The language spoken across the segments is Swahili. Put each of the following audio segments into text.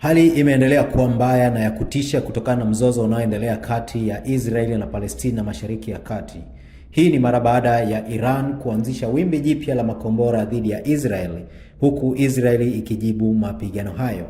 Hali imeendelea kuwa mbaya na ya kutisha kutokana na mzozo unaoendelea kati ya Israeli na Palestina mashariki ya kati. Hii ni mara baada ya Iran kuanzisha wimbi jipya la makombora dhidi ya Israeli huku Israeli ikijibu mapigano hayo.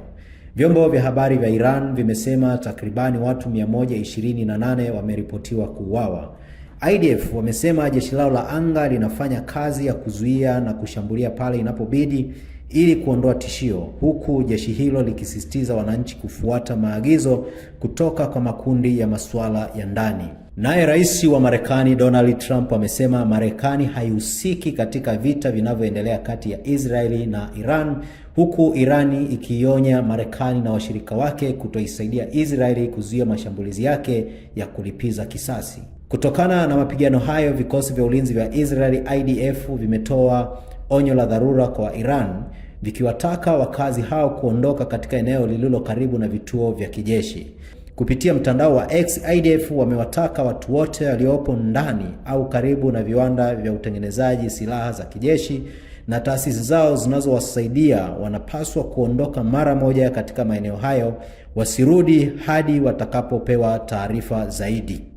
Vyombo vya habari vya Iran vimesema takribani watu 128 wameripotiwa kuuawa. IDF wamesema jeshi lao la anga linafanya kazi ya kuzuia na kushambulia pale inapobidi ili kuondoa tishio, huku jeshi hilo likisisitiza wananchi kufuata maagizo kutoka kwa makundi ya masuala ya ndani. Naye Rais wa Marekani Donald Trump amesema Marekani haihusiki katika vita vinavyoendelea kati ya Israeli na Iran, huku Irani ikionya Marekani na washirika wake kutoisaidia Israeli kuzuia mashambulizi yake ya kulipiza kisasi. Kutokana na mapigano hayo, vikosi vya ulinzi vya Israeli IDF vimetoa onyo la dharura kwa Iran vikiwataka wakazi hao kuondoka katika eneo lililo karibu na vituo vya kijeshi. Kupitia mtandao wa X, IDF wamewataka watu wote waliopo ndani au karibu na viwanda vya utengenezaji silaha za kijeshi na taasisi zao zinazowasaidia wanapaswa kuondoka mara moja katika maeneo hayo, wasirudi hadi watakapopewa taarifa zaidi.